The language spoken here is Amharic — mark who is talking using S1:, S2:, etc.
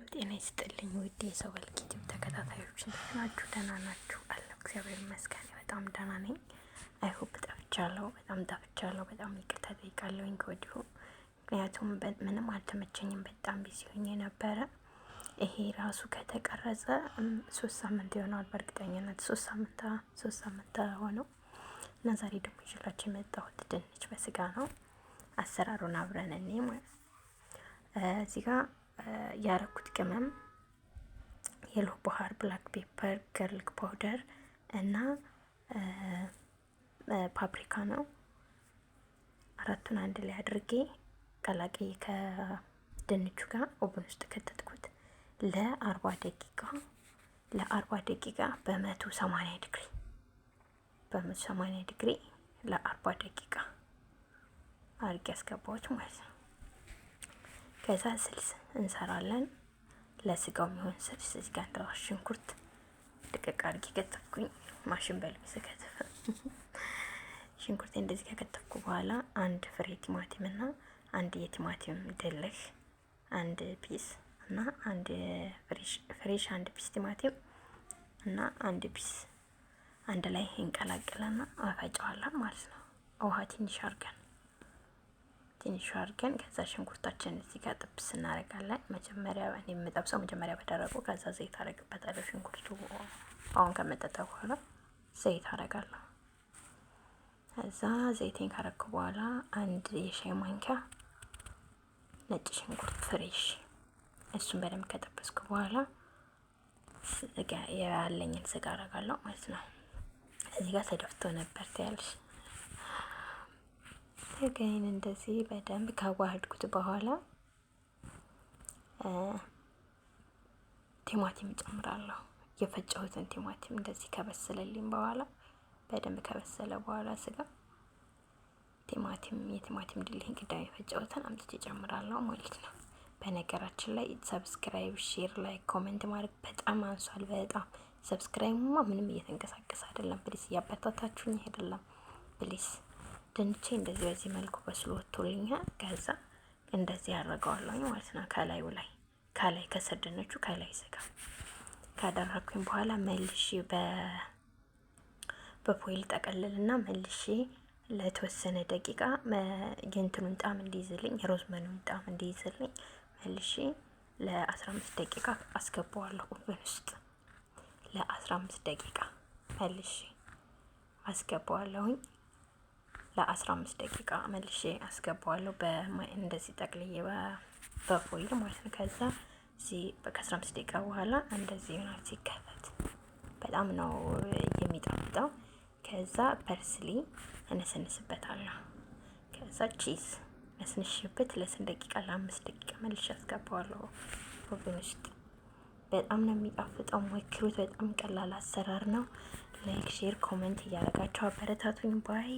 S1: ሰላም ጤና ይስጥልኝ ውድ የሰው በልኪቲቭ ተከታታዮች እንዴት ናችሁ? ደህና ናችሁ? አለው እግዚአብሔር ይመስገን በጣም ደህና ነኝ። አይሆፕ ጠፍቻለሁ፣ በጣም ጠፍቻለሁ። በጣም ይቅርታ ጠይቃለሁኝ ከወዲሁ ምክንያቱም ምንም አልተመቸኝም። በጣም ቢዚ ሆኜ ነበረ። ይሄ ራሱ ከተቀረጸ ሶስት ሳምንት ይሆናል በእርግጠኝነት ሶስት ሳምንት ሶስት ሳምንት ሆነው እና ዛሬ ደግሞ ይዤላችሁ የመጣሁት ድንች በስጋ ነው። አሰራሩን አብረን እኔ ማለት እዚህ ጋር ያረኩት ቅመም የሎ ባህር፣ ብላክ ፔፐር፣ ገርልክ ፓውደር እና ፓፕሪካ ነው። አራቱን አንድ ላይ አድርጌ ቀላቅዬ ከድንቹ ጋር ኦብን ውስጥ ከተትኩት ለአርባ ደቂቃ ለአርባ ደቂቃ በመቶ ሰማኒያ ዲግሪ በመቶ ሰማኒያ ዲግሪ ለአርባ ደቂቃ አድርጌ ያስገባዎች ማለት ነው። ከዛ ስልስ እንሰራለን። ለስጋው የሚሆን ስልስ እዚህ ጋር እንደዋ ሽንኩርት ድቅቅ አድርጌ ከተፍኩኝ፣ ማሽን በልብስ ከተፍ። ሽንኩርት እንደዚህ ከከተፍኩ በኋላ አንድ ፍሬ ቲማቲም እና አንድ የቲማቲም ድልህ አንድ ፒስ እና አንድ ፍሬሽ አንድ ፒስ ቲማቲም እና አንድ ፒስ አንድ ላይ እንቀላቅለና አፈጫዋለን ማለት ነው። ውሃ ትንሽ አድርገን ትንሹ አድርገን ከዛ ሽንኩርታችን እዚህ ጋር ጥብስ እናደርጋለን። መጀመሪያ እኔ የምጠብሰው መጀመሪያ በደረቁ ከዛ ዘይት አደርግበታለሁ። ሽንኩርቱ አሁን ከመጠጠ በኋላ ዘይት አደርጋለሁ። ከዛ ዘይቴን ካረኩ በኋላ አንድ የሻይ ማንኪያ ነጭ ሽንኩርት ፍሬሽ፣ እሱን በደንብ ከጠበስኩ በኋላ ያለኝን ስጋ አደርጋለሁ ማለት ነው። እዚህ ጋር ተደፍቶ ነበር ትያለሽ ስጋዬን እንደዚህ በደንብ ካዋህድኩት በኋላ ቲማቲም ጨምራለሁ የፈጨሁትን ቲማቲም እንደዚህ ከበሰለልኝ በኋላ በደንብ ከበሰለ በኋላ ስጋ ቲማቲም የቲማቲም ድልህን ቅዳሜ የፈጨሁትን አምጥቼ እጨምራለሁ ማለት ነው። በነገራችን ላይ ሰብስክራይብ፣ ሼር፣ ላይክ፣ ኮሜንት ማድረግ በጣም አንሷል። በጣም ሰብስክራይብማ ምንም እየተንቀሳቀሰ አይደለም። ፕሊስ እያበታታችሁኝ አይደለም ፕሊስ ድንቼ እንደዚህ በዚህ መልኩ በስሎ ወጥቶልኛል። ከዛ እንደዚህ ያደረገዋለሁኝ ማለት ነው። ከላዩ ላይ ከላይ ከሰደነቹ ከላይ ስጋ ካደረኩኝ በኋላ መልሼ በፖይል ጠቀልልና መልሼ ለተወሰነ ደቂቃ የእንትኑን ጣም እንዲይዝልኝ የሮዝመኑን ጣም እንዲይዝልኝ መልሼ ለ15 ደቂቃ አስገባዋለሁ ኦቨን ውስጥ ለ15 ደቂቃ መልሼ አስገባዋለሁኝ። ለ15 ደቂቃ መልሼ አስገባዋለሁ። እንደዚህ ጠቅልዬ በፎይል ማለት ነው። ከዛ ከ15 ደቂቃ በኋላ እንደዚህ ይሆናል ሲከፈት በጣም ነው የሚጣፍጠው። ከዛ ፐርስሊ እነሰንስበታለሁ። ከዛ ቺዝ ነስንሽበት ለስን ደቂቃ ለአምስት ደቂቃ መልሼ አስገባዋለሁ ኦቨን ውስጥ። በጣም ነው የሚጣፍጠው፣ ሞክሩት። በጣም ቀላል አሰራር ነው። ላይክ፣ ሼር፣ ኮመንት እያደረጋቸው አበረታቱኝ ባይ